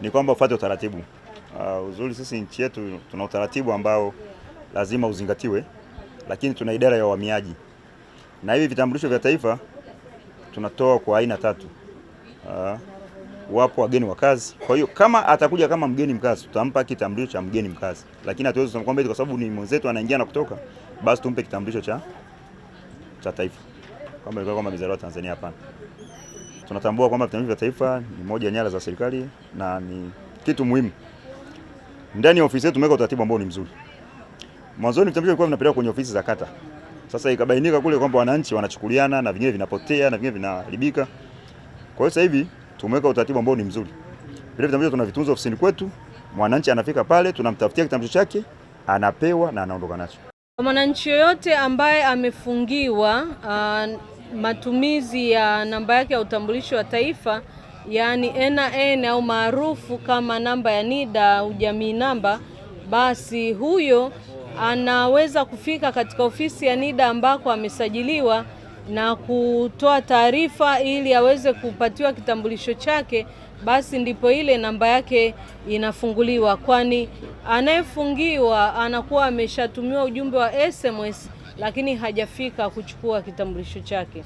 ni kwamba ufuate utaratibu. Uh, uzuri sisi nchi yetu tuna utaratibu ambao lazima uzingatiwe, lakini tuna idara ya uhamiaji na hivi vitambulisho vya taifa tunatoa kwa aina tatu. Uh, wapo wageni wa kazi. Kwa hiyo kama atakuja kama mgeni mkazi tutampa kitambulisho cha mgeni mkazi, lakini hatuwezi kumwambia kwa sababu ni mwenzetu anaingia na kutoka, basi tumpe kitambulisho cha cha taifa kama ilikuwa kwa mizarao Tanzania. Hapana. Tunatambua kwamba Vitendo vya Taifa ni moja ya nyara za serikali na ni kitu muhimu. Ndani ya ofisi yetu tumeweka utaratibu ambao ni mzuri. Mwanzoni vitendo vilikuwa vinapelekwa kwenye ofisi za kata. Sasa ikabainika kule kwamba wananchi wanachukuliana na vingine vinapotea na vingine vinaharibika. Kwa hiyo sasa hivi tumeweka utaratibu ambao ni mzuri. Vile vitambulisho tunavitunza ofisini kwetu, mwananchi anafika pale, tunamtafutia kitambulisho chake, anapewa na anaondoka nacho. Mwananchi yoyote ambaye amefungiwa uh matumizi ya namba yake ya utambulisho wa taifa yaani NIN au maarufu kama namba ya NIDA au jamii namba, basi huyo anaweza kufika katika ofisi ya NIDA ambako amesajiliwa na kutoa taarifa ili aweze kupatiwa kitambulisho chake, basi ndipo ile namba yake inafunguliwa, kwani anayefungiwa anakuwa ameshatumiwa ujumbe wa SMS lakini hajafika kuchukua kitambulisho chake.